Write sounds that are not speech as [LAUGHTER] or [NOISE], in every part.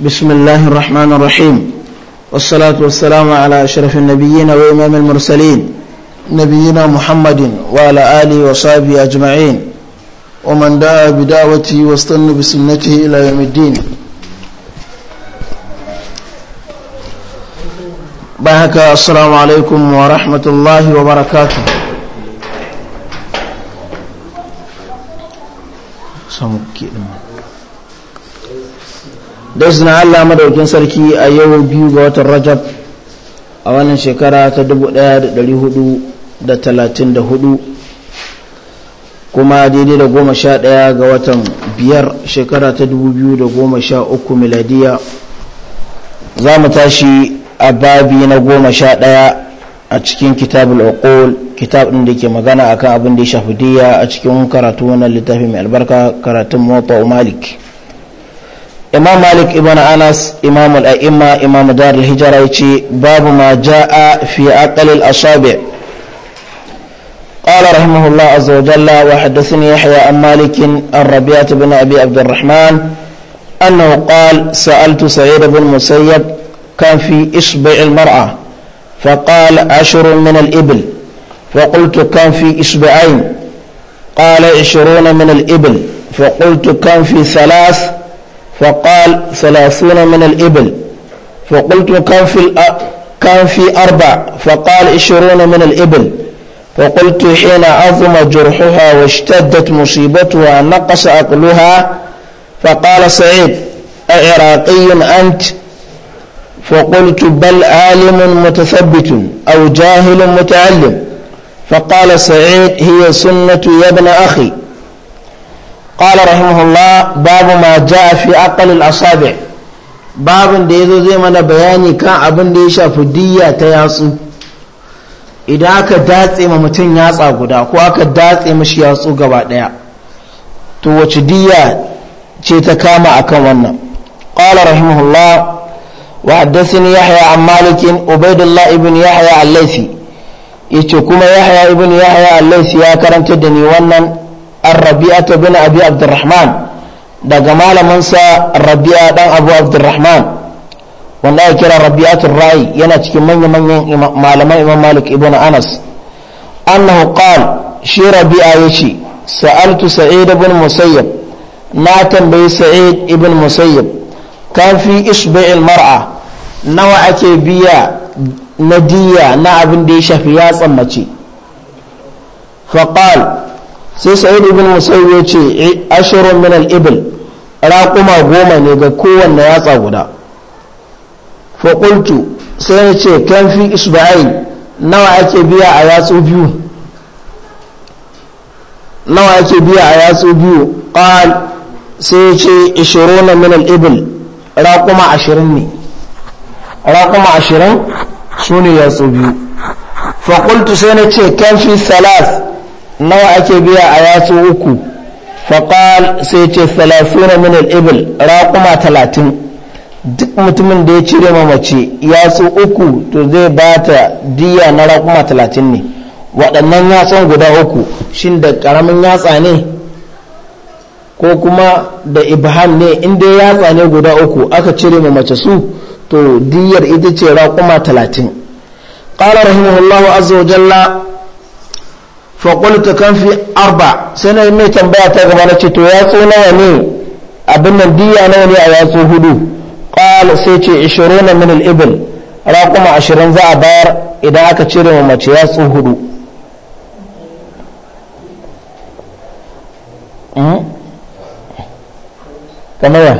بسم الله الرحمن الرحيم والصلاة والسلام على أشرف النبيين وإمام المرسلين نبينا محمد وعلى آله وصحبه أجمعين ومن دعا بدعوته واستنى بسنته إلى يوم الدين بحك السلام عليكم ورحمة الله وبركاته سمكي da izinin Allah madaukin sarki a yau biyu ga watan Rajab a wannan shekara ta 1434 kuma daidai da goma sha ɗaya ga watan biyar shekara ta 2013 miladiya za mu tashi a babi na goma sha ɗaya a cikin kitabul uqul kitab ɗin da ke magana akan abin da ya shafi diya a cikin karatu wannan littafi mai albarka karatun mota malik imam malik ibn anas imam al'a'imma imam dar al yace babu maja'a jaa fi aqal al-asabi qala rahimahullah azza wa jalla wa hadathani yahya an malik ar-rabi'at ibn rahman annahu qala sa'altu sa'id bin musayyad. kan fi isba' al-mar'a فقال عشر من الإبل فقلت كم في إسبوعين قال عشرون من الإبل فقلت كم في ثلاث فقال ثلاثون من الإبل فقلت كم في كم في أربع فقال عشرون من الإبل فقلت حين عظم جرحها واشتدت مصيبتها نقص أكلها فقال سعيد أعراقي أنت فقلت بل عالم متثبت أو جاهل متعلم فقال سعيد هي سنة يا ابن أخي قال رحمه babu باب ما جاء في أقل الأصابع babin da ya zo zai mana bayani kan abin da ya shafi diyya ta yatsu idan aka datse ma mutum yatsa guda ko aka datse mashi yatsu gaba daya to wace diyya ce ta kama akan wannan qala rahimahullah wa haddathani yahya an malikin ubaidullah ibn yahya al-laythi yace kuma yahya ibn yahya al ya karanta da ni wannan الربيعة بن أبي عبد الرحمن daga malamansa rabi'a dan abu abdurrahman wanda ya kira rabi'atul ra'i yana cikin manya-manyan malaman imam malik ibn anas annahu qala shi rabi'a yace sa'altu sa'id ibn musayyib na tambayi sa'id ibn musayyib kan fi isba'il mar'a nawa ake biya na diya na abin da ya shafi yatsan mace faqala sai sa'id ibn musayyib ya ce eh, ashrun min al-ibl raquma goma ne ga kowanne yatsa guda fa qultu sai ya ce kan fi isba'ain nawa ake biya a yatsu biyu nawa ake biya a yatsu biyu qal sai ya ce 20 min al-ibl raquma 20 ne raquma 20 sune yatsu biyu fa qultu sai na ce kan fi salas nawa ake biya a yatsu uku faƙal sai ce salasuna min al'ibil raƙuma talatin duk mutumin da ya cire ma mace yatsu uku to zai ba ta diya na raƙuma talatin ne waɗannan yatsun guda uku shin da ƙaramin yatsa ne ko kuma da ibham ne inda yatsa ne guda uku aka cire ma mace su to diyar ita ce raƙuma talatin ƙalar rahimahullahu azza wa jalla faƙwalta kan fi arba sai na mai tambaya ta gaba na ce to yatsu nawa ne abin nan diya nawa ne a yatsu hudu ƙal sai ce ishirin na minil ibil kuma ashirin za a bayar idan aka cire mu mace yatsu hudu kamar ya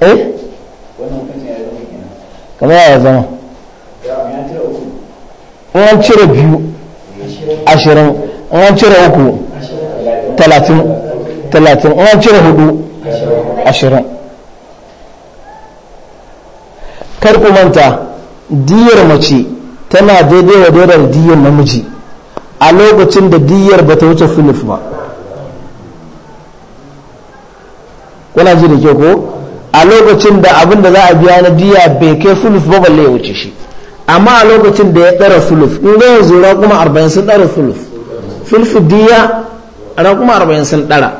eh kamar ya zama in an cire biyu ashirin in an cire uku talatin talatin in an cire hudu ashirin kar ku manta diyar mace tana daidai wa daidar diyar namiji a lokacin da diyar ba ta wuce filif ba kuna ji da ke ko a lokacin da abinda da za a biya na diya bai kai filif ba balle ya wuce shi amma a lokacin da ya ɗara sulus in ga yanzu raƙuma arba'in sun ɗara sulus sulfu diya raƙuma arba'in sun ɗara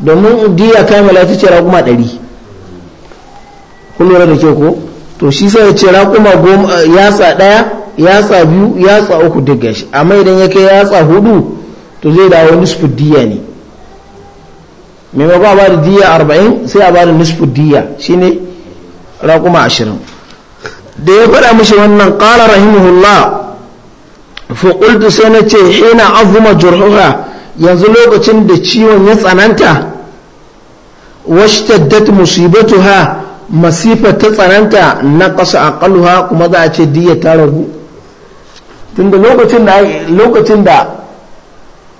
domin diya kamila ta ce raƙuma ɗari kun da ke ko to shi sai ce raƙuma yatsa ɗaya yatsa biyu yatsa uku duk gashi amma idan ya kai yatsa hudu to zai dawo nisfu diya ne mai a ba da diya arba'in sai a ba da nisfu diya shine raƙuma ashirin da ya faɗa mishi wannan ƙara rahimahullah faƙultu sai na ce hina azuma jurhuha yanzu lokacin da ciwon ya tsananta musibatu ha masifa ta tsananta na ƙasa a aqalluha kuma za a ce diya ta ragu tunda lokacin da lokacin da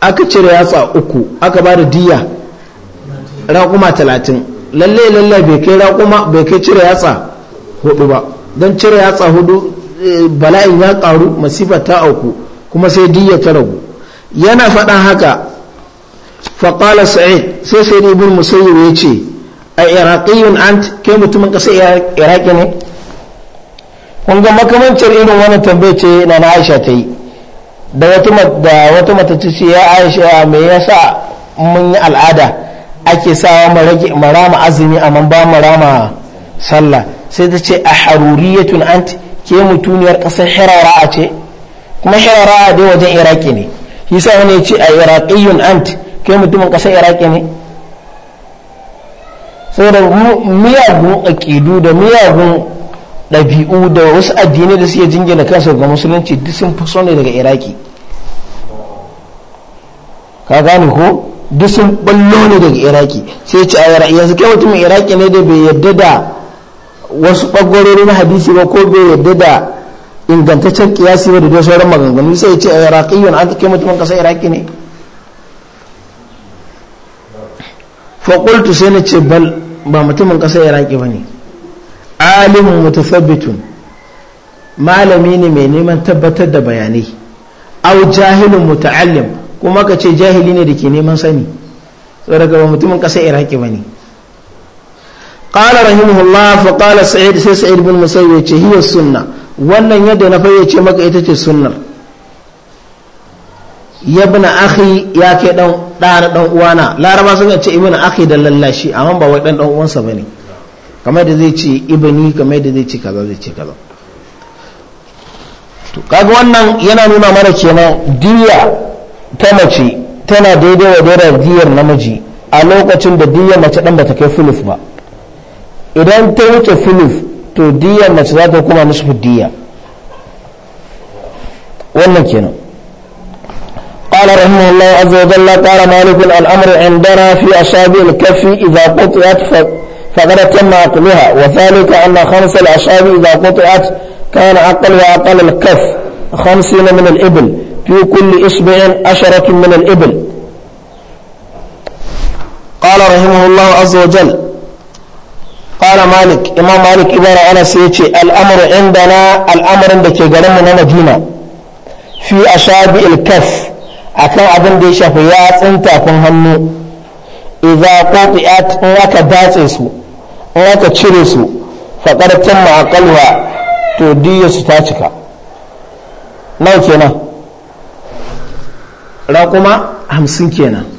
aka cire yatsa uku aka ba da diya raƙuma talatin lalle lalle bai kai raƙuma bai kai cire yatsa hudu ba don cire yatsa hudu eh, bala'in ya karu masifa ta auku kuma sai diya ta ragu yana faɗa haka faƙala sa'id sai sai da ibn musayi ya ce a iraƙiyun ant kai mutumin ƙasar iraki ne kun ga makamancin irin wani tambaye ce na aisha ta yi da wata mata ta ce ya aisha me yasa mun yi al'ada ake sawa marama azumi amma ba marama sallah sai ta ce a haruriyatun ant ke mutuniyar ƙasar hirara ce kuma hirara dai wajen iraki ne sa wani ya ce a iraqiyun ant ke mutumin kasar iraki ne da miyagun aƙidu da miyagun ɗabi'u da wasu addinai da suke jingina kansu ga musulunci duk sun fi ne daga iraki ka gane ko duk sun ballo ne daga iraki sai ce a yanzu kai mutumin iraki ne da bai yadda da wasu ɓangarori na hadisi ba ko bai yadda da ingantaccen kiyasi ba da dai sauran maganganu sai ce a iraqiyun an take mutumin ƙasar iraki ne faƙultu sai na ce bal ba mutumin ƙasar iraki ba ne alimun mutafabitun malami ne mai neman tabbatar da bayanai au jahilin muta'allim kuma ka ce jahili ne da ke neman sani saboda ba mutumin ƙasar iraki ba ne qala رحمه fa qala سعيد sai sa'id bin musayyib ce hiya wannan yadda na fayyace maka ita ce sunnar ya bina akhi ya ke dan ɗana dan uwana laraba sun ce ibn aki da lallashi amma ba wai dan ɗan uwansa ne kamar da zai ce ibni kamar da zai ce kaza zai ce kaza to kaga wannan yana nuna mana kenan diya ta mace tana daidai wa daidai diyar namiji a lokacin da diyar mace dan ta kai fulus ba idan ta wuce filif to diya mace za ta kuma nisfu diya wannan kenan قال رحمه الله عز وجل قال مالك الأمر عندنا في أصابع الكف إذا قطعت فقد تم عقلها وذلك أن خمس الأصابع إذا قطعت كان أقل وأقل الكف خمسين من الإبل في كل إصبع عشرة من الإبل قال رحمه الله عز وجل qala malik imam malik ibn anas yace inda na al'amarin da ke garin mu na madina fi a al-kaf akan abin da ya shafi tsinta tafin hannu idza qati'at in aka datse su in aka cire su faqad tamma aqalwa to diyyarsu ta cika nau kenan ra kuma hamsin kenan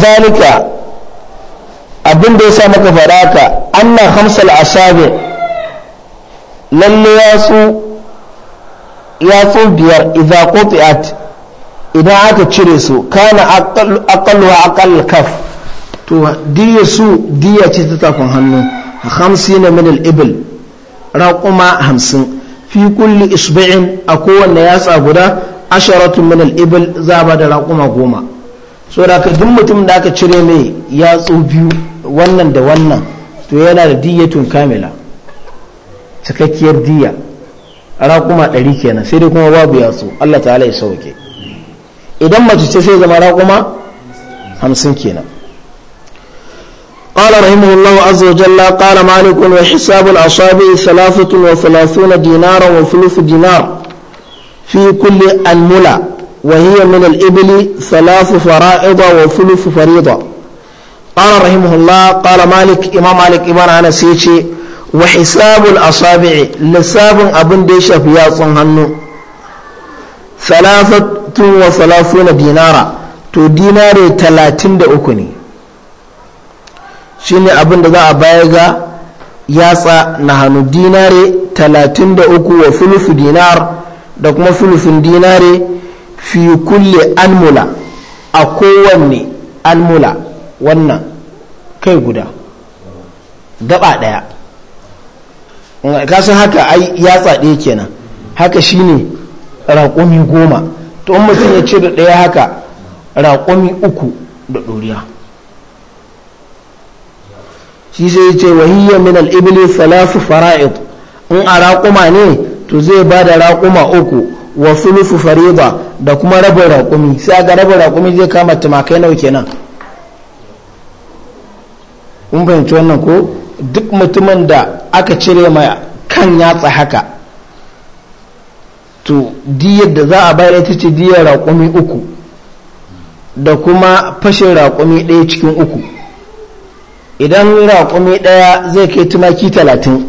zalika abin da ya sa maka faɗa ka anna hamsal asabi lalle yatsu biyar idza qutiat idan aka cire su kana aqallu wa aqall kaf to diya su diya ce ta takon hannu 50 min al-ibl raquma 50 fi kulli isba'in a kowanne yatsa guda asharatu min al-ibl za ba da raquma goma so da ka duk mutum da aka cire mai yatsu biyu wannan da wannan to yana da diyyatun kamila cikakkiyar diya kuma ɗari kenan sai dai kuma babu yatsu Allah ta'ala ya sauke idan mace ce sai zama raƙuma hamsin kenan قال رحمه الله عز وجل قال مالك وحساب الأصابع ثلاثة وثلاثون دينارا وثلث دينار في كل الملة وهي من الإبل ثلاث فرائض وثلث فريضة قال رحمه الله قال مالك إمام مالك إمام أنا سيتي وحساب الأصابع لساب أبن ديشة في هنو ثلاثة وثلاثون دينارا تو ديناري تلاتين دا أكني شيني أبن دا أبايغا yatsa na hannu dinare 33 wa fulufin dinar da kuma fulufin dinare fi kulle almula a kowanne almula wannan kai guda gaba daya kasan haka ai ya tsaɗe kenan haka shine raƙumi goma to in mutum ya ce da ɗaya haka raƙumi uku da ɗoriya shi sai ya ce wahiyya min al'ibili salasu fara'id in a raƙuma ne to zai ba da raƙuma uku wa sulusu fariba da kuma rabin raƙumi sai ga rabin raƙumi zai kama tumakai nawa kenan kun fahimci wannan ko duk mutumin da aka cire ma kan yatsa haka to diyar da za a bayar ta ce diyar raƙumi uku da kuma fashin raƙumi ɗaya cikin uku idan raƙumi ɗaya zai kai tumaki talatin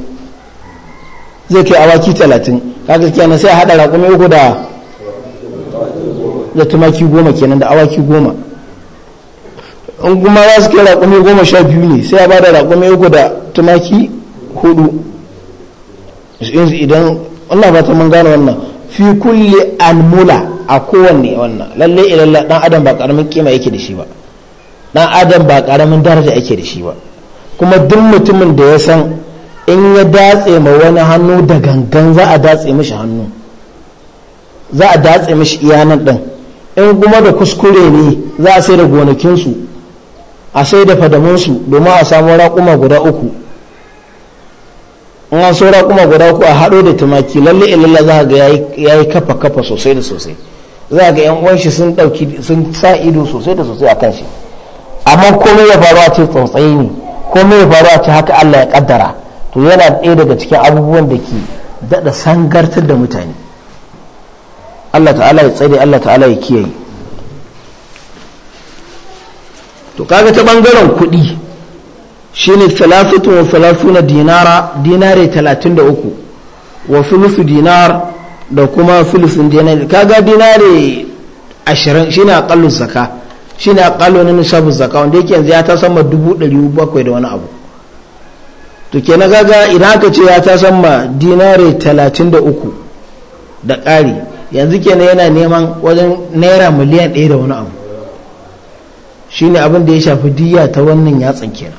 zai kai awaki talatin kaga kenan sai a hada raƙumi uku da da tumaki goma kenan da awaki goma in kuma za su kai raƙumi goma sha biyu ne sai a ba da raƙumi uku da tumaki hudu idan Allah ba ta mun gane wannan fi kulli almula a kowanne wannan lalle ilalla dan adam ba karamin kima yake da shi ba dan adam ba karamin daraja yake da shi ba kuma duk mutumin da ya san in ya datse ma wani hannu da gangan za a datse mishi hannu za a datse mishi iyanan ɗin in kuma da kuskure ne za a sai da gonakinsu a sai da fadaminsu domin a samu raƙuma guda uku in an so raƙuma guda uku a haɗo da tumaki lalle ilalla za ga ya yi kafa kafa sosai da sosai za ga yan uwanshi sun ɗauki sun sa ido sosai da sosai a kan shi amma komai ya faru a ce tsautsayi ne komai ya faru a ce haka Allah ya kaddara to yana ɗaya daga cikin abubuwan da ke daɗa sangartar da mutane Allah ta'ala ya tsare Allah ta'ala ya kiyaye to kaga ta ɓangaren kuɗi shi ne talatin wa talatuna dinara dinare talatin da uku wa filifin dinar da kuma filifin dinar kaga dinare ashirin ne aƙallun zaka ne aƙallu na nishabu zaka wanda yake yanzu ya ta sama dubu ɗari bakwai da wani abu to na gaga idan aka ce ya ta san ma dinare 33 da ƙari yanzu kenan yana neman wajen naira miliyan ɗaya da wani abu shine abin da ya shafi diya ta wannan yatsan rahimu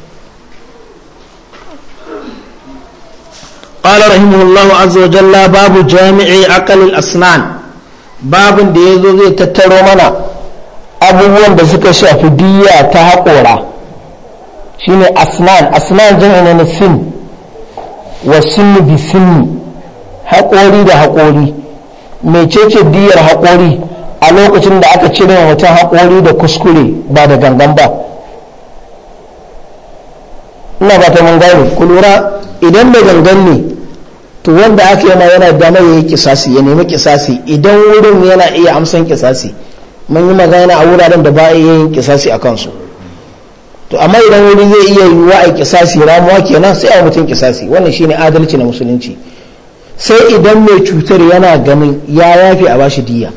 قال رحمه الله عز babu jami'ai جامع عقل الأسنان da ya zo zai tattaro mana abubuwan da suka shafi diya ta haƙora shine asnan asnan jami'i na sin wa sinni bi sinni haƙori da haƙori mecece diyar haƙori a lokacin da aka cire wata haƙori da kuskure ba da gangan ba ina ba ta mun ku lura idan da gangan ne to wanda aka yana yana dama ya yi kisasi ya nemi kisasi idan wurin yana iya amsan kisasi mun yi magana a wuraren da ba iya yin kisasi a kansu to amma idan wani zai iya yiwuwa a kisasi ramuwa kenan sai a mutum kisasi wannan shine adalci na musulunci sai idan mai cutar yana ganin ya yafe a bashi diya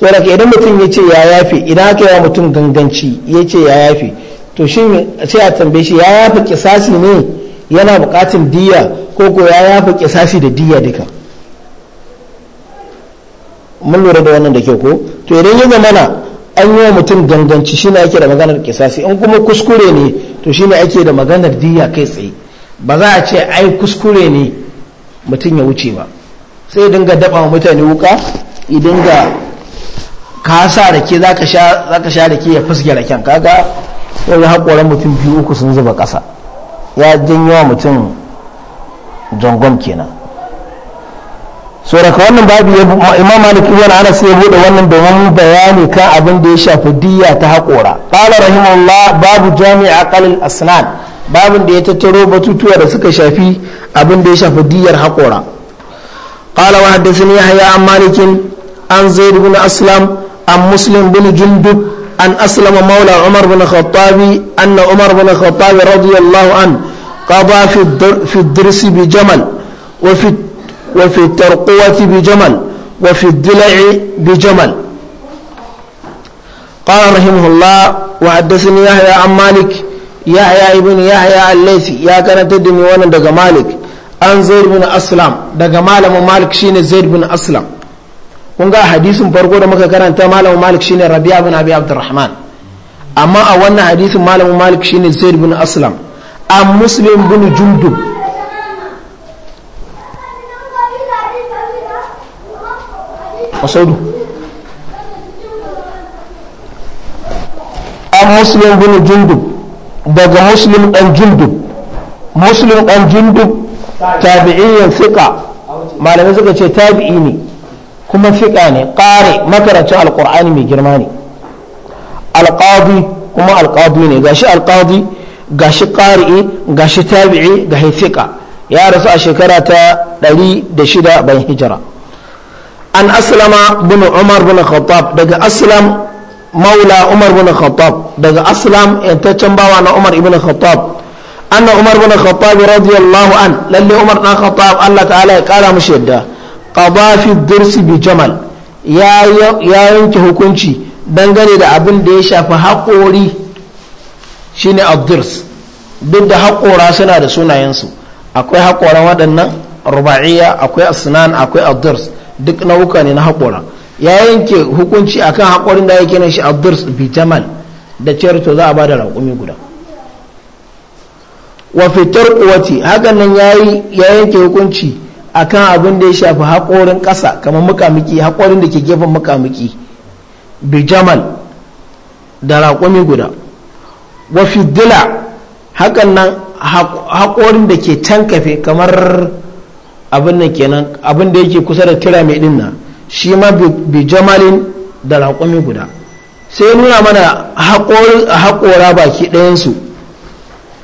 saboda idan mutum ya ce ya yafe idan aka yi mutum ganganci ya ce ya yafe to sai a tambaye shi ya yafe kisasi ne yana bukatun diya ko ko ya yafe kisasi da diya duka mun lura da wannan da kyau ko to idan ya zamana an yi wa mutum ganganci shi ne ake da maganar kisasi in kuma kuskure ne to shi ne ake da maganar diya kai tsaye ba za a ce ai kuskure ne mutum ya wuce ba sai dinga daba wa mutane wuka idan ga ka sa rake za ka sha rake ya fuske raken kaga ya haƙoran mutum biyu uku sun zuba ƙasa ya janyo mutum jangon kenan sauraka wannan babu imam malik wani anas ya buɗe wannan domin bayani kan abin da ya shafi diyya ta haƙora qala rahimallah babu jami'a qalil asnan babin da ya tattaro batutuwa da suka shafi abin da ya shafi diyyar haƙora qala wa haddathani yahya an malikin an zaid ibn aslam an muslim bin jundub an aslama maula umar bin khattabi anna umar bin khattabi radiyallahu an qada fi fi bi jamal wa fi وفي الترقوة بجمل وفي الضلع بجمل قال رحمه الله وحدثني يحيى عن مالك يحيى ابن يحيى الليثي يا كان تدني وانا farko da muka karanta malamin malik wannan hadisin malamin malik shine zaid bin aslam masaudu an muslim bin jundub daga muslim dan jundub muslim dan jundub tabi'in fiqa malamai suka ce tabi'i ne kuma fiqa ne ƙare makarancin alƙur'ani mai girma ne alƙadi kuma alƙadi ne gashi alƙadi gashi ƙari'i gashi tabi'i gashi fiqa ya rasu a shekara ta 106 bayan hijira an aslama bin umar bin khattab daga aslam maula umar bin khattab daga aslam yantaccen bawa na umar ibn khattab anna umar bin khattab radiyallahu an lalle umar dan khattab Allah ta'ala ya kara mushi yadda qada fi dirsi bi jamal ya yanke hukunci dangane da abin da ya shafi haƙori shine abdirs duk da haƙora suna da sunayensu akwai haƙoran waɗannan ruba'iya akwai asnan akwai abdirs duk nauka ne na haƙora ya yanke hukunci akan haƙorin da ya kena shi abdurs bitamal da cewar za a ba da raƙumi guda wa fitar kuwati hakan nan ya yanke hukunci akan abin da ya shafi haƙorin ƙasa kamar mukamiki haƙorin da ke gefen mukamiki bijamal da raƙumi guda wa fidila hakan nan haƙorin da ke tankafe kamar abin nan kenan abin da yake kusa da tira mai dinna shi ma bi jamalin da raƙumi guda sai nuna mana haƙora baki ɗayansu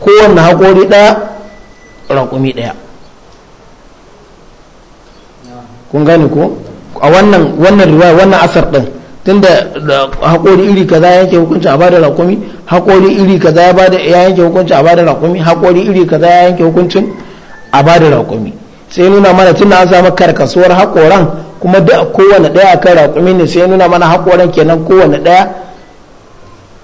kowanne haƙori ɗaya raƙumi ɗaya kun gane ko a wannan wannan riwaya wannan asar ɗin tunda haƙori iri kaza ya yanke hukunci a bada raƙumi haƙori iri kaza ya yanke hukunci a bada raƙumi haƙori iri kaza ya yanke hukuncin a bada raƙumi sai nuna mana tun an samu karkasuwar haƙoran kuma da kowane ɗaya kan raƙumi ne sai nuna mana haƙoran kenan kowane ɗaya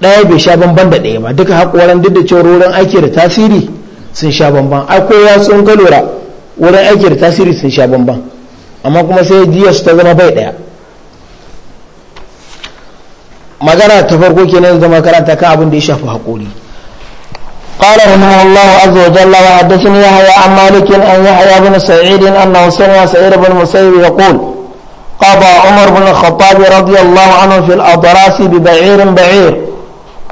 ɗaya bai sha bamban da ɗaya ba duka haƙoran duk da cewa wurin aiki da tasiri sun sha bamban akwai ya tsun ka lura wurin aiki da tasiri sun sha bamban amma kuma sai jiya su ta zama bai ɗaya magana ta farko kenan zama karanta kan abin da ya shafi haƙori قال رحمه الله عز وجل وحدثني يحيى عن مالك أن يحيى بن سعيد أنه سمع سعيد بن المسيب يقول قضى عمر بن الخطاب رضي الله عنه في الأضراس ببعير بعير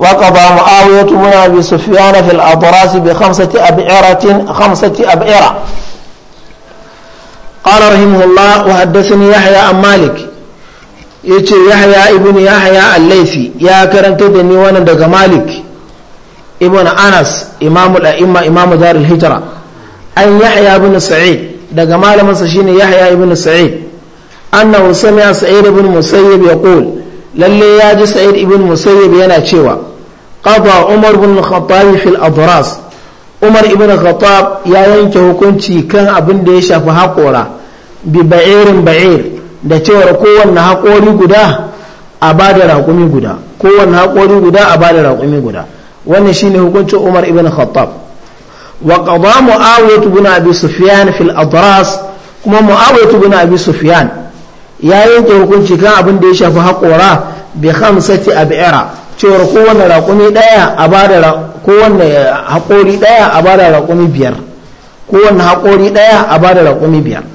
وقضى معاوية بن أبي سفيان في الأضراس بخمسة أبعرة خمسة أبعرة قال رحمه الله وحدثني يحيى عن مالك يتي يحيى ابن يحيى الليثي يا كرنت دني وانا دغ مالك ibn anas imamu da'imma imamu darul hijra an yahya ibn sa'id daga malamin sa shine yahya ibn sa'id annahu sami'a sa'id ibn musayyib yaqul lalle ya ji sa'id ibn musayyib yana cewa qada umar ibn khattab fil adras umar ibn khattab ya yanke hukunci kan abin da ya shafi haƙora bi ba'irin ba'ir da cewar kowanne haƙori guda a ba da raƙumi guda kowanne haƙori guda a ba da raƙumi guda wannan shine hukuncin Umar ibn Khattab wa qada Muawiyah ibn Abi Sufyan fil adras kuma Muawiyah ibn Abi Sufyan ya yanke hukunci kan abin da ya shafi haƙora bi khamsati ab'ira cewar kowanne raƙumi daya a bada kowanne haƙori daya a bada raƙumi biyar kowanne haƙori daya a bada raƙumi biyar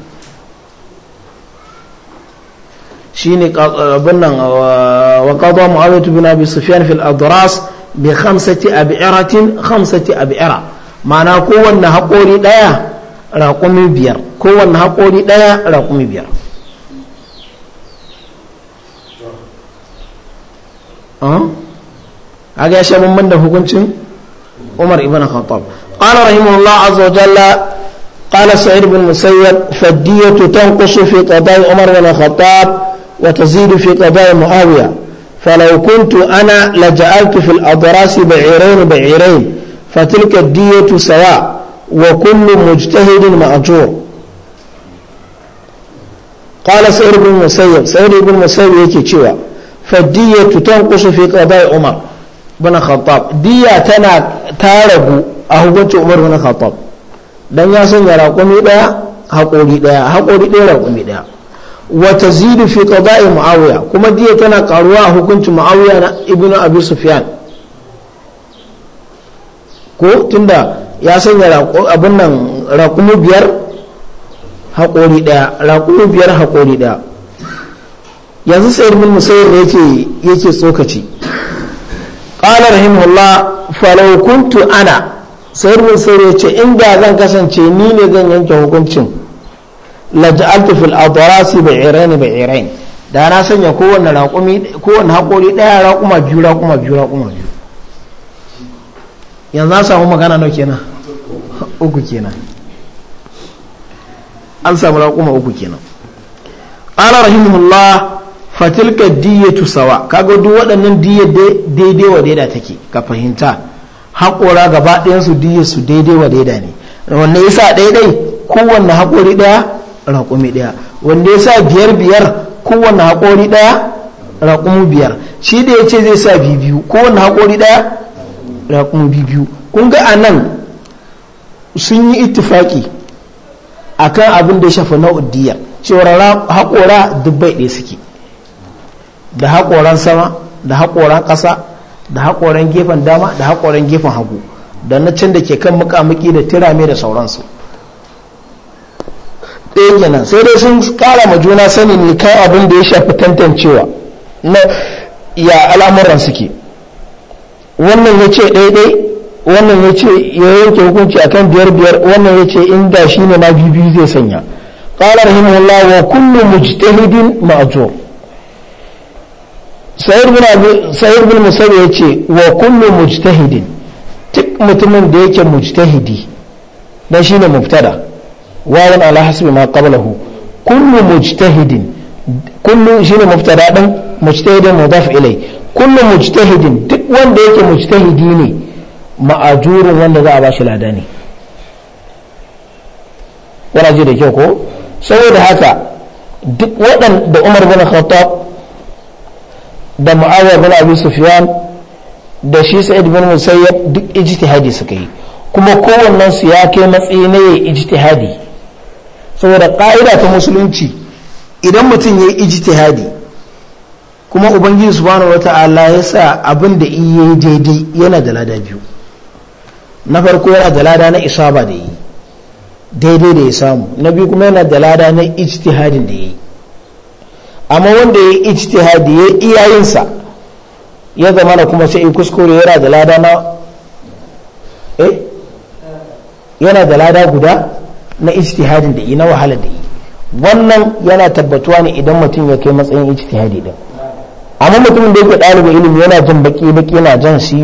shine abin nan wa qada Muawiyah ibn Abi Sufyan fil adras بخمسة أبعرة خمسة أبعرة ما نقول أنها قولي لا رقم بير قول أنها قولي لا رقم بير ها أه؟ أجي أشام من ده هكنتم عمر ابن الخطاب قال رحمه الله عز وجل قال سعيد بن مسيب فالدية تنقص في قضاء عمر بن الخطاب وتزيد في قضاء معاوية فلو كنت أنا لجعلت في الأضراس بعيرين بعيرين فتلك الدية سواء وكل مجتهد مأجور قال سعيد بن مسيب سعيد بن مسيب يكي تشوى فالدية تنقص في قضاء عمر بن الخطاب دية تنا تارب أهوة عمر بن الخطاب dan ya sanya raƙumi ɗaya haƙori ɗaya haƙori ɗaya raƙumi ɗaya Wata zidu fi qada'i muawiya kuma diya tana karuwa a hukuncin muawiya na ibnu abi sufyan ko tunda ya sanya abin nan raƙumi biyar haƙori ɗaya raƙumi biyar haƙori ɗaya yanzu sayar bin musayar da yake tsokaci ƙala rahimahullah Allah, kuntu ana sayar bin sai ya ce inda zan kasance ni ne zan yanke hukuncin laj'altu fil adrasi bi bi'irain da na sanya kowanne raƙumi kowanne haƙori ɗaya raƙuma biyu raƙuma biyu raƙuma biyu yanzu an samu magana nau kenan uku kenan an samu raƙuma uku kenan qala rahimahullah fatilka diyatu sawa kaga duk waɗannan diyar daidai wa daida take ka fahimta haƙora gaba ɗayan su diyar su daidai wa daida ne wanne yasa daidai kowanne haƙori ɗaya raƙumi ɗaya wanda ya sa biyar biyar kowane haƙori ɗaya raƙumi biyar shi da ya ce zai sa biyu kowane haƙori ɗaya raƙumi biyu kun ga a nan sun yi ittifaƙi a kan abin da shafa na'udiyya cewar haƙora dubbai ɗaya suke da haƙoran sama da haƙoran ƙasa da haƙoran gefen dama da haƙoran gefen hagu da na can da ke kan muƙamuƙi da tirame da sauransu ɗaya kenan sai dai sun kara ma juna sanin ne kan abin da ya shafi tantancewa na ya al'amuran suke wannan ya ce ɗaiɗai wannan ya ce ya yanke hukunci akan biyar biyar wannan ya ce inda shi ne na biyu zai sanya ƙalar rahimahullah wa kullu mujtahidin ma'jur sayyid bin abi sayyid bin musawi ya ce wa kullu mujtahidin duk mutumin da yake mujtahidi dan shine mubtada' wawan ala hasbi ma qablahu kullu mujtahidin kullu shine mubtada din mujtahidin mudaf ilai kullu mujtahidin duk wanda yake mujtahidi ne ma'ajurun wanda za a ba shi lada ne wani ji da kyau ko saboda haka duk waɗanda umar bin khattab da mu'awiyah bin abi sufyan da shi sa'id bin musayyab duk ijtihadi suka yi kuma kowannen su ya kai matsayi na ijtihadi saboda ƙa'ida ta musulunci idan mutum ya yi ijtihadi kuma ubangiji subhanahu ala ya sa abin da iya daidai yana da lada biyu na farko yana da lada na isaba da yi daidai da ya samu na biyu kuma yana da lada na ijtihadin da ya yi amma wanda ya yi ijtihadi ya iyayensa ya zama na kuma sai kuskure yana da lada na eh yana da lada guda na ijtihadin da yi na wahala da yi wannan yana tabbatuwa ne idan mutum ya kai matsayin ijtihadi din amma mutumin da yake ɗaliba ilimi yana jin baki baki yana jan shi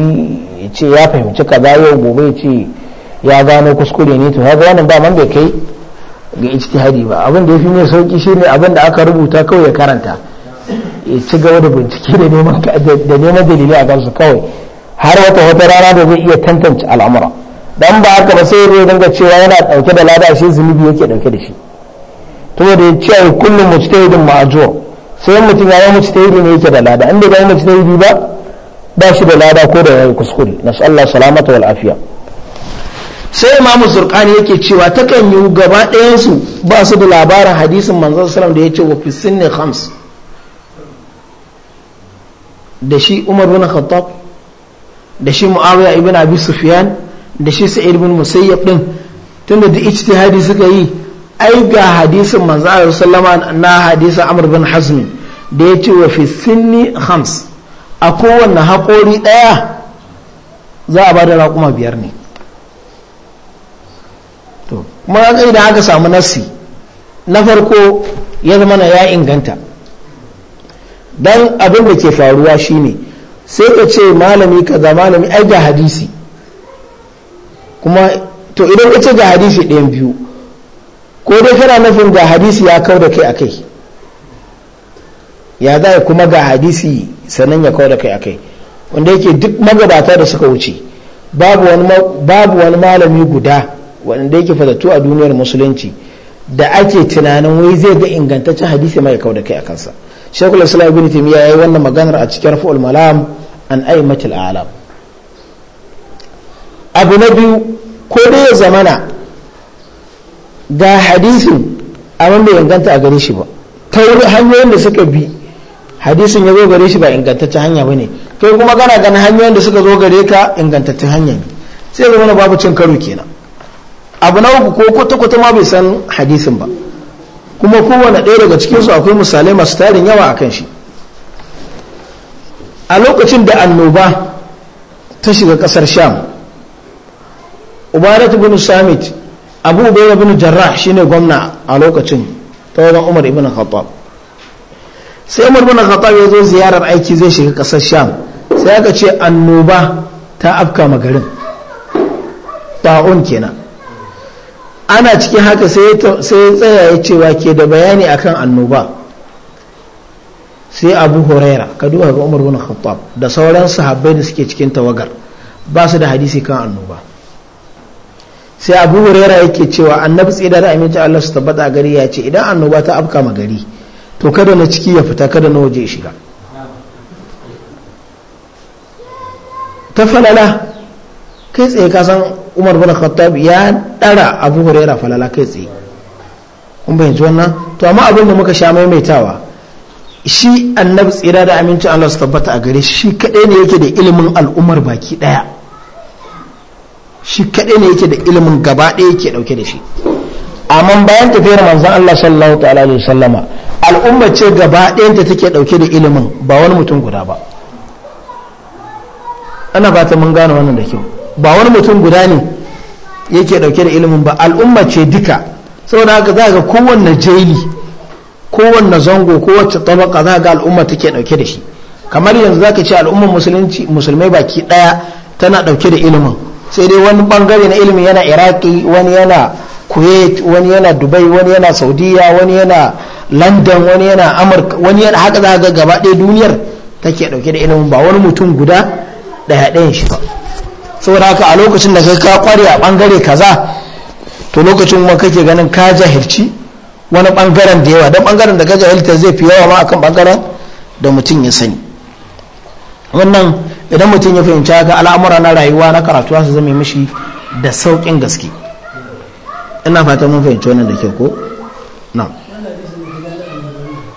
ya ce ya fahimci kaza yau gobe ya ce ya gano kuskure ne to haka wannan daman bai kai ga ijtihadi ba abin da ya fi ne sauki ne abin da aka rubuta kawai ya karanta ya ci gaba da bincike da neman dalilai a kansu kawai har wata wata rana da zai iya tantance al'amura dan ba haka ba sai ya dinga cewa yana dauke da lada shi zunubi yake dauke da shi to da ya ce kullum mujtahidin ma'ajur sai mutum ya yi mujtahidi ne yake da lada inda ba mujtahidi ba ba shi da lada ko da yayi kuskure nasu Allah salamata wal afiya sai imamu zurqani yake cewa takan yi gaba ɗayan su ba su da labarin hadisin manzon sallam da yace wa fi sinni khams da shi Umar bin Khattab da shi Muawiya ibn Abi Sufyan da shi sa'id bin musayyab din tunda duk ijtihadi suka yi ai ga hadisin manzo Allah sallama na hadisin Amr bin Hazm da ya ce wa fi sinni khams a kowanne haƙori ɗaya za a ba da raƙuma biyar ne to kuma ga idan aka samu nassi na farko ya zama na ya inganta dan abin da ke faruwa shine sai ka ce malami kaza malami ai ga hadisi kuma to idan ka ce ga hadisi ɗayan biyu ko dai kana nufin ga hadisi ya kau da kai a kai ya za kuma ga hadisi sannan ya kau da kai a kai wanda yake duk magabata da suka wuce babu wani malami guda wanda yake fatattu a duniyar musulunci da ake tunanin wai zai ga ingantaccen hadisi mai kau da kai a kansa shekul islam ibn timiya ya yi wannan maganar a cikin rafu'ul malam an aimatul alam abu na biyu ko dai ya zamana ga hadisin amma bai inganta a gare shi ba ta hanyoyin da suka bi hadisin ya zo gare shi ba ingantaccen hanya ba ne kai kuma gana ganin hanyoyin da suka zo gare ka ingantaccen hanya ne sai zama na babu cin karo kenan abu na uku ko kwata-kwata ma bai san hadisin ba kuma kowane ɗaya daga cikin su akwai misalai masu tarin yawa a kan shi a lokacin da annoba ta shiga kasar sham ubaratu bin samit abu ubayda bin jarrah shine gwamna a lokacin ta wajen umar ibn khattab sai umar ibn khattab ya zo ziyarar aiki zai shiga kasar sham sai aka ce annoba ta afka magarin ta'un kenan ana cikin haka sai ya tsaya ya cewa ke da bayani akan annoba sai abu huraira ka duba ga umar bin khattab da sauran sahabbai da suke cikin tawagar ba su da hadisi kan annoba sai abu huraira yake cewa annabi tsira da aminci Allah su tabbata a gari ya ce idan annoba ta afka ma gari to kada na ciki ya fita kada na waje shiga ta falala kai tsaye ka san umar bin khattab ya dara abu huraira falala kai tsaye kun bayyance wannan to amma abin da muka sha maimaitawa shi annabi tsira da aminci Allah su tabbata a gare shi kadai ne yake da ilimin al'ummar baki daya shi kaɗai ne yake da ilimin gaba ɗaya yake ɗauke da shi amma bayan tafiyar manzon Allah sallallahu ta'ala alaihi sallama al'umma ce gaba ɗayanta take ɗauke da ilimin ba wani mutum guda ba ana fata mun gane wannan da kyau ba wani mutum guda ne yake ɗauke da ilimin ba al'umma ce duka saboda haka za ga kowanne jeli kowanne zango kowace tabaka za ga al'umma take ɗauke da shi kamar yanzu za ka ce musulunci musulmai baki ɗaya tana ɗauke da ilimin sai dai wani bangare na ilimi yana iraki wani yana kuwait wani yana dubai wani yana saudiya wani yana london wani yana amurka wani yana haka za ga gaba ɗaya duniyar take ɗauke da ilimin ba wani mutum guda ɗaya ɗayan shi ba saboda haka a lokacin da ka kware a bangare kaza to lokacin kuma kake ganin ka jahilci wani bangaren da yawa don bangaren da ka jahilta zai fi yawa ma akan bangaren da mutum ya sani wannan idan mutum ya fahimci haka al'amura na rayuwa na karatu su zama mishi da sauƙin gaske ina fata mun fahimci wannan da ke ko na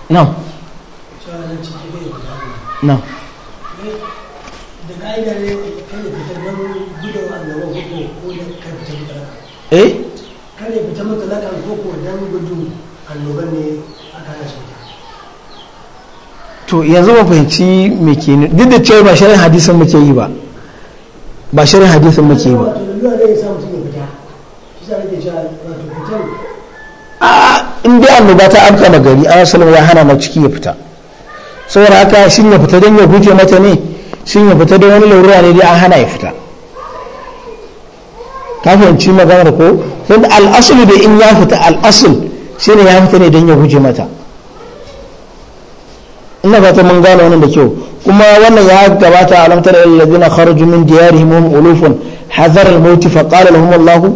na na eh kare fita dan annoban ne aka rashin to yanzu ba fahimci me ke ne duk da cewa ba shirin hadisin muke yi ba ba shirin hadisin muke yi ba a inda dai annoba ta amka gari an salama ya hana ma ciki ya fita saboda haka shin ya fita don ya guje mata ne shin ya fita don wani larura ne dai an hana ya fita ka fahimci maganar ko tun al'asul da in ya fita al'asul shine ya fita ne don ya guje mata ina fata mun gane wannan da kyau kuma wannan ya gabata alamtar alladhina kharaju min diyarihim hum ulufun hazar al-maut fa qala lahum Allah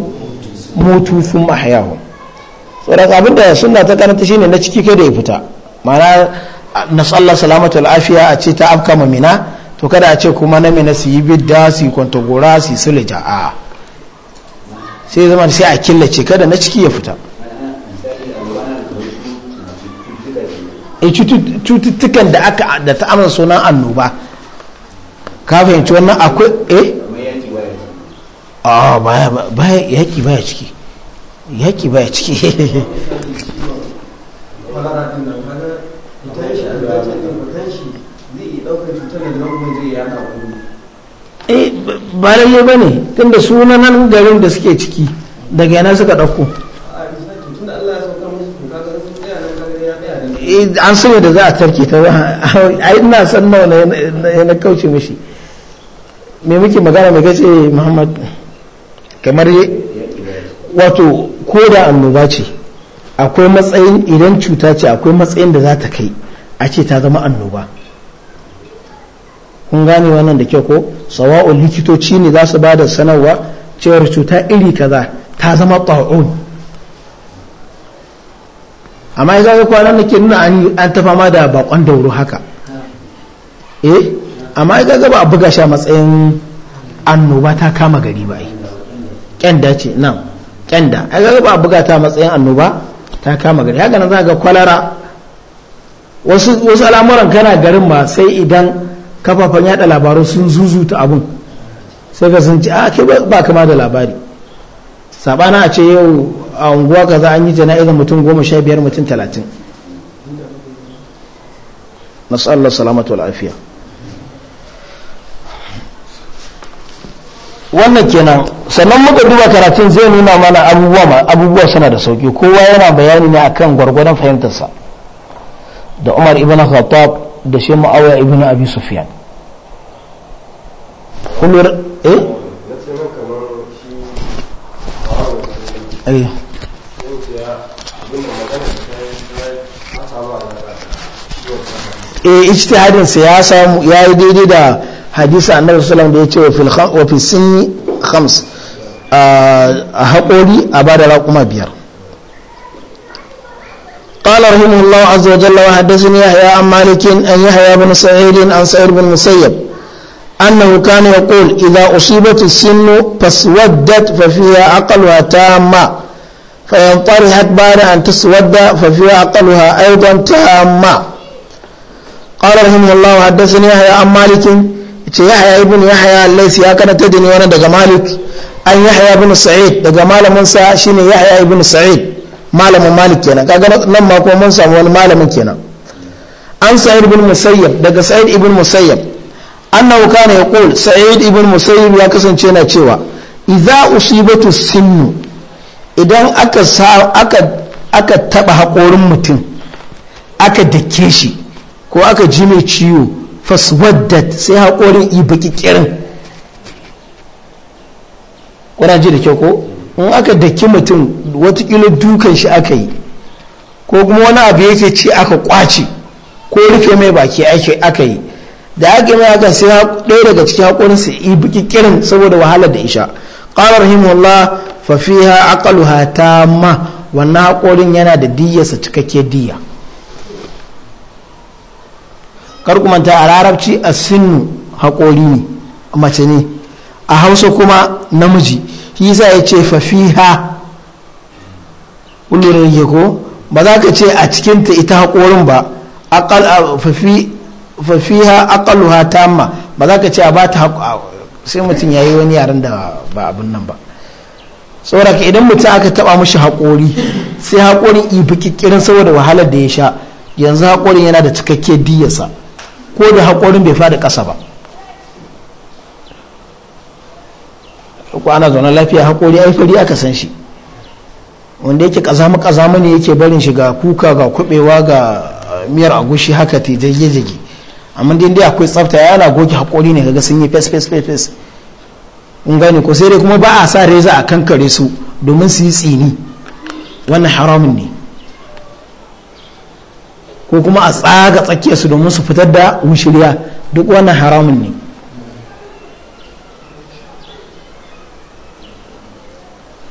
mutu thumma ahyahum abinda sunna ta karanta shine na ciki kai da ya fita ma'ana nasallah salamatul afiya a ce ta afka mamina to kada a ce kuma na mina su yi bidda su yi gora su yi sulja a sai zama sai a killace kada na ciki ya fita Eh, cututtukan da aka da ta amsa sunan annoba ka fahimci wannan akwai eh a ah, baya baya yaki baya ciki yaki baya ciki [LAUGHS] eh ba yi ba ne tunda sunanan garin da suke ciki daga yana suka ɗauko Eh, an sanya da za a tarke ta a [LAUGHS] ina san nawa na kauce mishi me muke magana mai gace muhammad kamar yi wato ko da annoba ce akwai matsayin idan cuta ce akwai matsayin da za ta kai a ce ta zama annoba kun gane wannan da kyau ko sawa'un likitoci ne za su ba da sanarwa cewar cuta iri kaza ta zama ta'un amma ya zai kwanan da ke nuna an tafa ma da bakon dauro haka eh amma ya zaga ba a buga shi a matsayin annoba ta kama gari ba yi kyanda ce nan kyanda ya zaga ba a buga ta matsayin annoba ta kama gari haka nan ga kwalara wasu al'amuran kana garin ba sai idan kafafen yada labaru sun zuzuta abun sai ka sun ci ah, a ke ba kama da labari sabana a ce yau a unguwa kaza an yi jana'izar mutum goma sha biyar mutum talatin nasu Allah salamatu al'afiya wannan kenan sannan muka duba karatun zai nuna mana abubuwa abubuwa suna da sauki kowa yana bayani ne akan gwargwadon fahimtarsa da umar ibn khattab da shi ma'awiya ibn abi sufyan kullur eh eh eh ijtihadin sa ya samu yayi daidai da hadisi annabi sallallahu da ya ce wa fil sinni khams a haƙori a bada raƙuma biyar قال رحمه الله عز وجل وحدثني يحيى عن مالك أن يحيى بن سعيد عن سعيد بن المسيب أنه كان يقول إذا أصيبت السن فاسودت ففيها اقلها تامة فإن طرحت بعد أن تسود ففيها اقلها أيضا تامة qala rahimahullah haddathani yahya an malikin ce yahya ibn yahya al-laysi ya kana tadini wani daga malik an yahya ibn sa'id daga malamin sa shine yahya ibn sa'id malamin malik kenan kaga nan ma kuma mun malamin kenan an sa'id ibn musayyab daga sa'id Ibin musayyab annahu kana yaqul sa'id ibn musayyab ya kasance na cewa idza usibatu sinnu idan aka aka aka taba hakorin mutum aka dake shi ko aka ji mai ciwo faswaddat sai haƙorin yi baki kirin kuna ji da kyau ko in aka daki mutum watakila dukan shi aka yi ko kuma wani abu yake ci aka kwace ko rufe mai baki aka yi da aka mai aka sai ɗaya daga cikin su yi baki kirin saboda wahalar da isha ƙarar himullah fafiha aqaluha ma wannan haƙorin yana da diyyarsa cikakke diyya kar ku manta a larabci haƙori ne mace ne a hausa kuma namiji shi za ya ce fafiha kullum yake ko ba za ka ce a cikinta ita haƙorin ba fafiha aqalluha tamma ba za ka ce a ba ta sai mutum ya yi wani yaren da ba abin nan ba tsoraka idan mutum aka taba mashi haƙori sai haƙorin ibi kikirin saboda wahalar da ya sha yanzu haƙorin yana da cikakke diyasa ko da haƙorin bai fada ƙasa ba ko ana zaune lafiya haƙori ai fari aka san shi wanda yake ƙazama ƙazama ne yake barin shi ga kuka ga kuɓewa ga uh, miyar agushi haka ta jage-jage amma dai dai akwai tsafta yana goge haƙori ne kaga sun yi fes fes fes fes in gani ko sai dai kuma ba a sa reza a kankare su domin su yi tsini wannan haramun ne ko kuma a tsaga su domin su fitar da wushiriya duk wannan haramun ne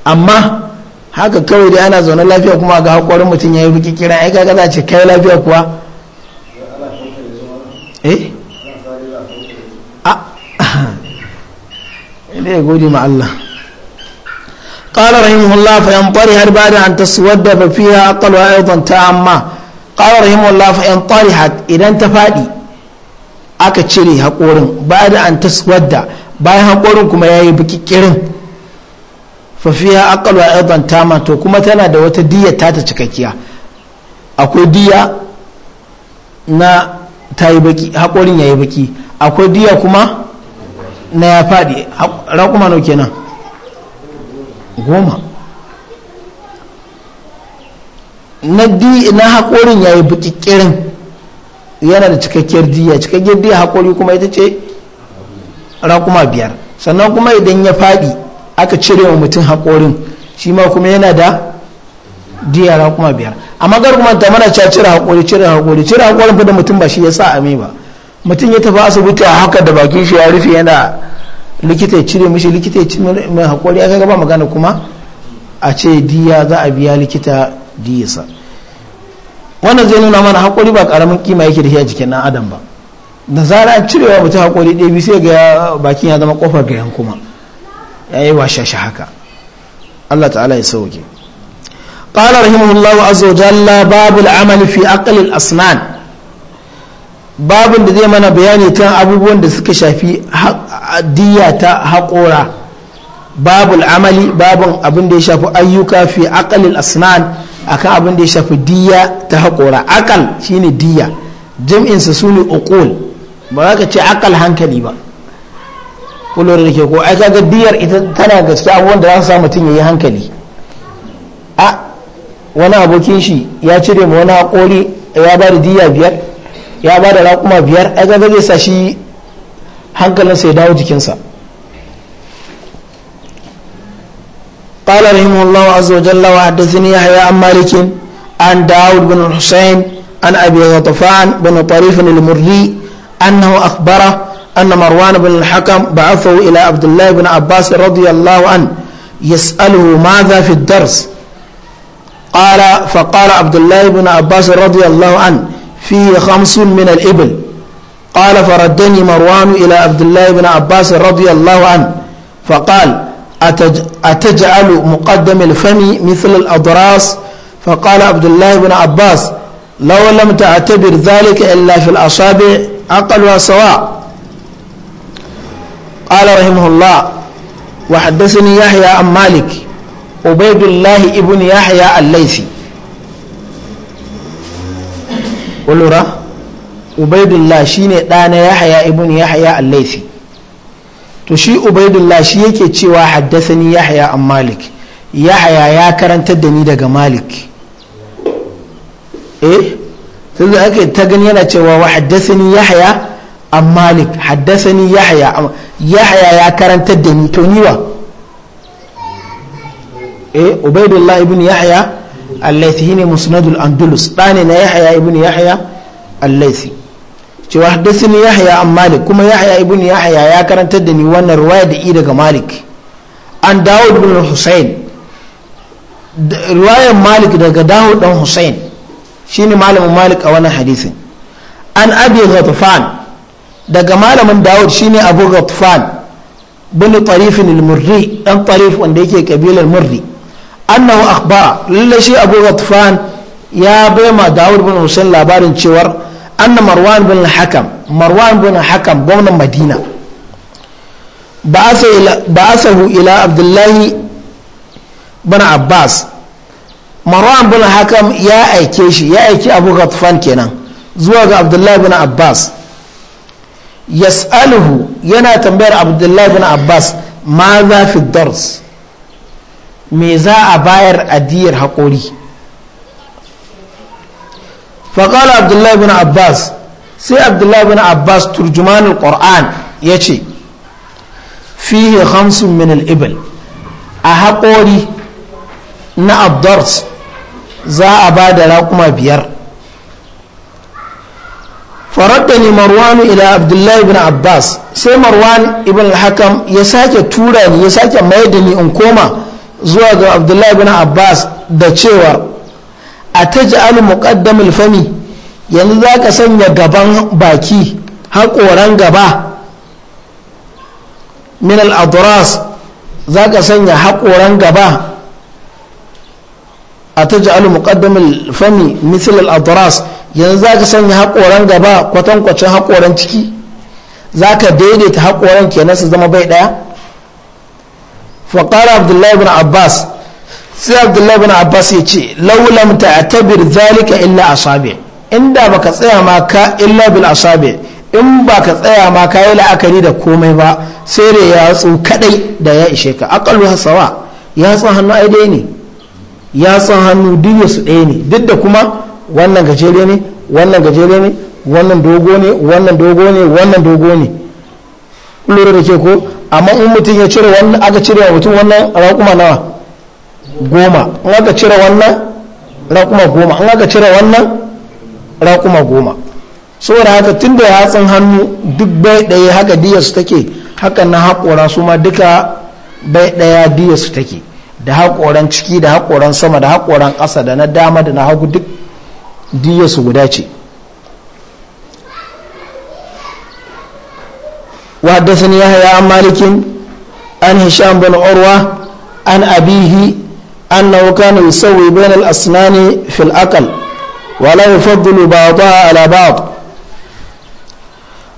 amma haka kawai dai ana zaune lafiya kuma ga haƙorin mutum ya yi ruki kira ai kaga za ce kai lafiya kuwa eh [LAUGHS] ne ya gode ma Allah قال رحمه الله فينطري هل بعد أن تسود ففيها أقل أيضا تأمّا qala rahimahullah fa in tarihat idan ta faɗi aka cire haƙorin ba da an wadda bayan haƙorin kuma yayi bikikirin fa fafiya aqalu ɗan tama to kuma tana da wata diyya ta ta cikakkiya akwai diya na yi baki haƙorin yayi baki akwai diya kuma na ya faɗi raƙuma nau kenan goma na di na hakorin yayi bukikirin yana da cikakkiyar diya cikakkiyar diya hakori kuma ita ce rakuma biyar sannan kuma idan ya faɗi aka cire wa mutum hakorin shi ma kuma yana da diya rakuma biyar amma gar kuma ta mana cire hakori cire hakori cire hakorin fa da mutum ba shi ya sa ame ba mutum ya tafi asibiti a haka da bakin shi ya rufe yana likita ya cire mishi likita ya cire mai hakori aka gaba magana kuma a ce diya za a biya likita diyasa wannan zai nuna mana hakuri ba karamin kima yake da shi a jikin ɗan adam ba da zara a cirewa mutum hakuri ɗaya biyu sai ga bakin ya zama kofar ga gayan kuma ya yi shi haka Allah ta'ala ya sauke ƙalar himmullahu azza wa jalla babul amali fi aqli asnan babin da zai mana bayani kan abubuwan da suka shafi diya ta haƙora babul amali babin abin da ya shafi ayyuka fi aqli asnan akan abin da ya shafi diya ta haƙora akal shine diya jam'insa su ne uqul ba za ka ce akal hankali ba kulori da ke ko ai kaga diyar ita tana ga cikin abubuwan da za su sa mutum ya yi hankali a wani abokin shi ya cire ma wani haƙori ya ba da diya biyar ya ba da raƙuma biyar ai kaga zai sa shi hankalinsa ya dawo jikinsa قال رحمه الله عز وجل وحدثني يحيى عن مالك عن داود بن الحسين عن أبي غطفان بن طريف المري أنه أخبره أن مروان بن الحكم بعثه إلى عبد الله بن عباس رضي الله عنه يسأله ماذا في الدرس قال فقال عبد الله بن عباس رضي الله عنه فيه خمس من الإبل قال فردني مروان إلى عبد الله بن عباس رضي الله عنه فقال أتجعل مقدم الفم مثل الأضراس فقال عبد الله بن عباس لو لم تعتبر ذلك إلا في الأصابع أقل وسواء قال رحمه الله وحدثني يحيى عن مالك عبيد الله ابن يحيى الليثي ولورا عبيد الله شيني دان يحيى ابن يحيى الليثي to shi ubaidullah shi yake cewa haddathani yahya an malik yahya ya karantar da ni daga malik eh sun da ake ta gani yana cewa wa haddathani yahya an malik haddasani yahya yahya ya karantar da ni to ni wa eh ubaidullah ibn yahya al-laythi ne musnadul andalus dane na yahya ibn yahya al-laythi cewa haddathani yahya an malik kuma yahya ibn yahya ya karantar da ni wannan ruwaya da i daga malik an dawud ibn husayn ruwayan malik daga dawud dan husayn shine malamin malik a wannan hadisin an abi ghatfan daga malamin dawud shine abu ghatfan bin tarifin al-murri dan tarif wanda yake kabilar murri annahu akhbara lalle shi abu ghatfan ya bai ma dawud bin husayn labarin cewar anna marwan bin hakam marwan bin hakam gwamnan madina ba a sahu ila abdullahi bin abbas marwan bin hakam ya aike shi ya aiki abu ghatfan kenan zuwa ga abdullahi bin abbas yas'aluhu yana tambayar abdullahi bin abbas ma za fi dars me za a bayar adiyar haƙori faƙala abdullahi bin abbas sai abdullahi bin abbas turjumanin ƙor'an ya ce fihe hamsin min al'ibil a haƙori na abdars za a ba da raƙuma biyar faraddani marwanu ila abdullahi bin abbas sai marwan ibn hakam ya sake tura ni ya sake mai da ni in koma zuwa ga abdullahi bin abbas da cewar a ta ji'al fami yanzu za ka sanya gaban baki haƙoran gaba minal al'aduras za ka sanya haƙoran gaba a ta ji'al fami misal al'aduras yanzu za ka sanya haƙoran gaba kwatankwacin haƙoran ciki za ka daidaita haƙoran kenan su zama bai ɗaya faƙara abdullahi bin abbas sai abdullahi bin abbas ya ce laulam ta'tabir zalika illa asabi inda baka tsaya ma ka illa bil asabi in baka tsaya ma ka yi la'akari da komai ba sai da yatsu kadai da ya ishe ka aqallu hasawa tsan hannu ai dai ne tsan hannu duk su ɗaya ne duk da kuma wannan gajere ne wannan gajere ne wannan dogo ne wannan dogo ne wannan dogo ne lura da ke ko amma in mutum ya cire wannan aka cire mutum wannan raƙuma nawa goma an aka cire wannan raƙuma goma an aka cire wannan raƙuma goma saboda haka tun da yatsun hannu duk bai ɗaya haka su take hakan na haƙora su ma duka bai ɗaya su take da haƙoran ciki da haƙoran sama da haƙoran ƙasa da na dama da na hagu duk su guda ce وحدثني يحيى عن مالك عن هشام بن عروة عن أبيه أنه كان يسوي بين الأسنان في الأكل ولا يفضل بعضها على بعض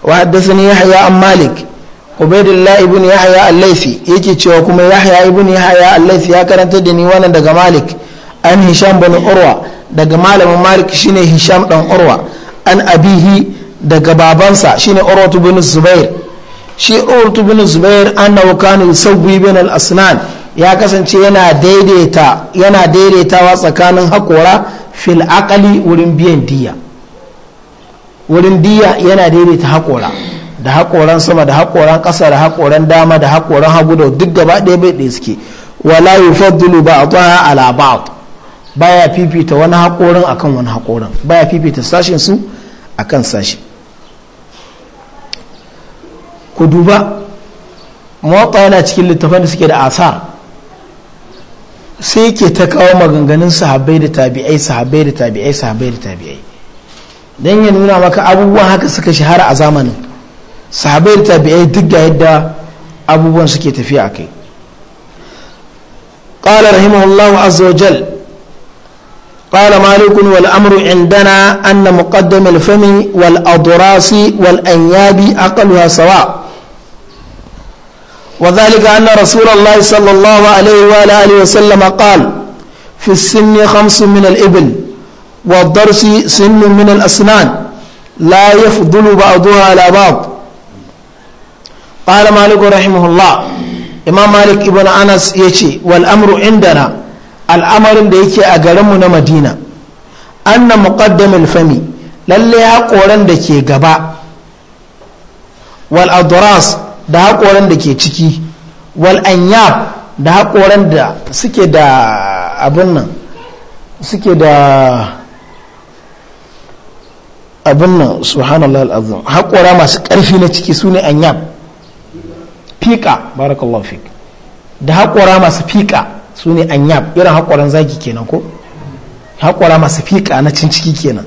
وحدثني يحيى عن مالك عبيد الله ابن يحيى الليثي يجي تشوكم يحيى ابن يحيى الليثي يا كرنت دني وانا دغ مالك أن هشام بن عروة دغ مالك مالك شيني هشام بن عروة أن أبيه دغ بابانسا شيني عروة بن الزبير شي عروة بن الزبير أنه كان يسوي بين الأسنان ya kasance yana daidaita yana daidaitawa tsakanin haƙora fil aqali wurin biyan diya wurin diya yana daidaita haƙora da haƙoran sama da haƙoran ƙasa da haƙoran dama da haƙoran hagu da duk gaba ɗaya bai ɗaya suke wala yufaddilu a ala ba'd baya fifita wani haƙorin akan wani haƙorin baya fifita sashin su akan sashi ku duba mota yana cikin littafan da suke da asar sai ke ta kawo maganganun sahabbai da tabi'ai sahabbai da tabi'ai sahabbai da tabi'ai don ya nuna maka abubuwan haka suka shahara a zamanin sahabai da tabi'ai duk da yadda abubuwan suke tafiya a kai ƙala rahimahullahu azza wa jal ƙala malikun wal amru indana anna muqaddam al fami wal adrasi wal anyabi aqaluha sawa وذلك أن رسول الله صلى الله عليه وآله وسلم قال في السن خمس من الإبل والضرس سن من الأسنان لا يفضل بعضها على بعض قال مالك رحمه الله إمام مالك ابن أنس يشي والأمر عندنا الأمر ديكي أقرمنا مدينة أن مقدم الفم للي أقولا ديكي قبا والأضراس da haƙoran da ke ciki wal anyab da haƙoran da suke da abin nan suke da abin nan subhanallah al'azim haƙora masu ƙarfi na ciki su ne anyab fiƙa barakallahu fiƙ da haƙora masu fiƙa su ne anyab irin haƙoran zaki kenan ko haƙora masu fiƙa na cin ciki kenan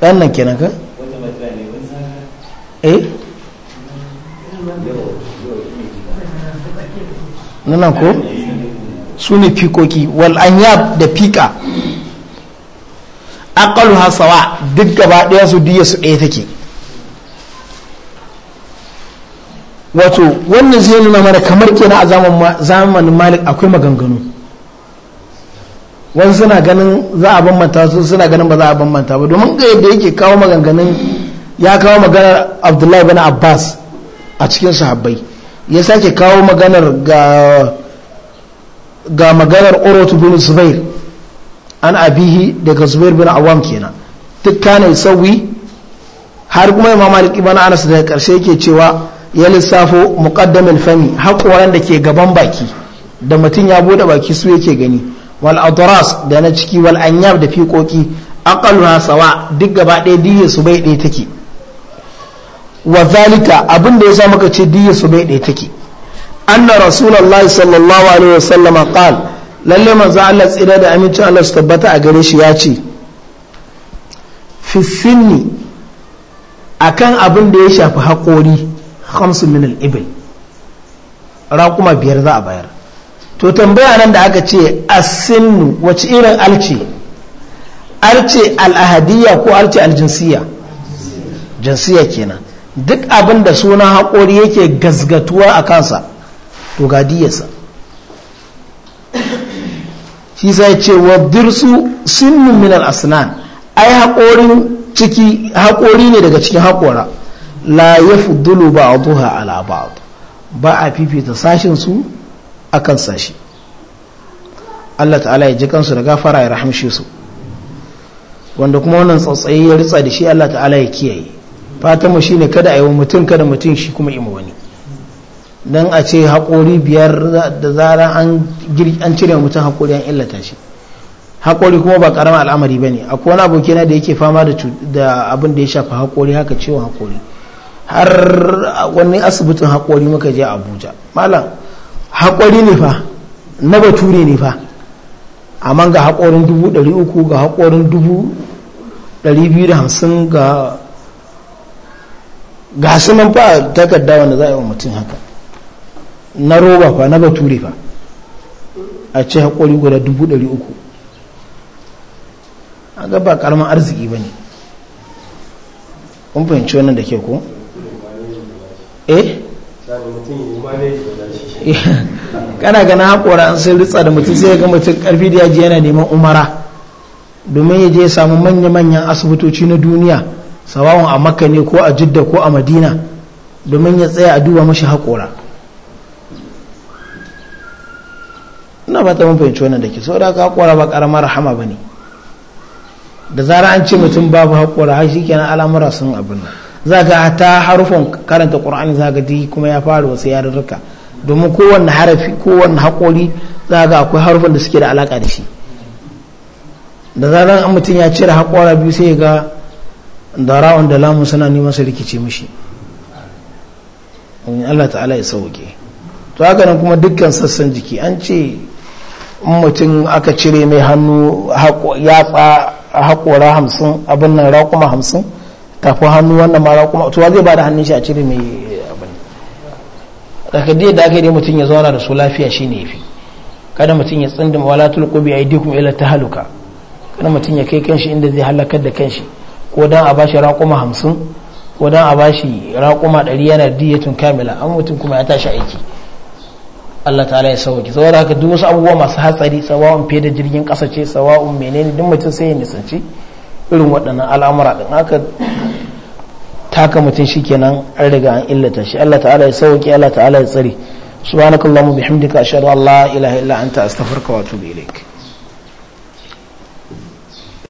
ɗan eh, kenan ka eh nan ko su ne fikoki wal da fika akalu hasawa duk gaba daya su diya su ɗaya take wato wannan zai nuna mana kamar kenan a zamanin malik akwai maganganu wani suna ganin za a banmanta su suna ganin ba za a banmanta ba domin ga yadda yake kawo maganganun ya kawo maganar abdullahi bin abbas a cikin sahabbai ya sake kawo maganar ga maganar orotu bin zubair an abihi daga zubair bin awam kenan duk kana sauyi har kuma imam malik ibn anas daga karshe yake cewa ya lissafo muqaddamul fami haƙoran da ke gaban baki da mutum ya bude baki su yake gani wal adras da na ciki wal anyab da fiƙoƙi aqalluha sawa duk gaba ɗaya diyya su bai ɗaya take wa zalika ya sa yasa muka ce diya su bai ɗaya take anna rasulullahi sallallahu alaihi wasallama qal lalle za Allah tsira da amincin Allah su tabbata a gare shi ya ce fi sinni akan abin da ya shafi haƙori hamsin min al-ibil raƙuma biyar za a bayar to tambaya nan da aka ce asinnu wace irin alce alce al'ahadiyya ko alce aljinsiya jinsiya kenan duk abin da suna haƙori yake gazgatuwa a kansa to ga diyarsa shi sai ce wa dirsu sinnun min asinan asnan ai haƙorin ciki haƙori ne daga cikin haƙora la ya ba a ala ba'd ba a fifita sashin su akan sashi Allah ta'ala ya ji kansu da gafara ya rahamshe su wanda kuma wannan tsatsayi ya ritsa da shi Allah ta'ala ya kiyaye fatanmu shi ne kada a yi wa mutum kada mutum shi kuma ima wani don a ce haƙori biyar da zara an cire mutum haƙori an illata shi haƙori kuma ba ƙaramin al'amari ba ne a wani abokina da yake fama da abin da ya shafa haƙori haka ciwon haƙori har wani asibitin haƙori muka je abuja malam haƙori ne fa na bature ne fa amma ga haƙorin dubu ɗari uku ga haƙorin dubu ɗari biyu da hamsin ga ga su nan fa takarda wanda za a yi wa mutum haka na roba fa na bature fa a ce haƙori guda dubu ɗari uku a ga ba ƙaramin arziki ba ne kun fahimci wannan da ke ko eh kana gana haƙora an sai ritsa da mutum sai ga mutum ƙarfi da yaji yana neman umara domin ya je ya samu manya-manyan asibitoci na duniya sawawan a makka ne ko a jidda ko a madina domin ya tsaya a duba mashi haƙora ina ba ta mafi da ke saboda ka haƙora ba ƙaramar rahama ba ne da zara an ce mutum babu haƙora har shikenan al'amura sun abin nan za ga ta harufan karanta ƙur'ani za ga di kuma ya fara wasu yarurruka domin kowanne harafi kowanne haƙori za ga akwai harufan da suke da alaƙa da shi da zaran mutum ya cire haƙora biyu sai ya ga da ra'un da lamun suna neman su rikice mishi Allah ta'ala ya sauke to haka nan kuma dukkan sassan jiki an ce mutum aka cire mai hannu yatsa haƙora hamsin abin nan raƙuma hamsin tafi hannu wannan ma raƙuma wa zai ba da hannun shi a cire mai abin daga dai da aka yi mutum ya zauna da su lafiya shi ne fi kada mutum ya tsindin wala tulku bi aidikum ila tahaluka kada mutum ya kai kanshi inda zai halakar da kanshi ko dan a bashi raƙuma hamsin ko dan a bashi raƙuma ɗari yana diyatun kamila an mutum kuma ya tashi aiki Allah ta'ala ya sauki saboda haka duk wasu abubuwa masu hatsari sawa'un fiye da jirgin ƙasa ce sawa'un menene duk mutum sai ya nisanci irin waɗannan al'amura ɗin haka taka mutum shikenan an riga an illata shi Allah ta'ala ya sauki Allah ta'ala ya tsare subhanakallahumma bihamdika ashhadu an Allah ilaha illa anta astaghfiruka wa atubu ilaik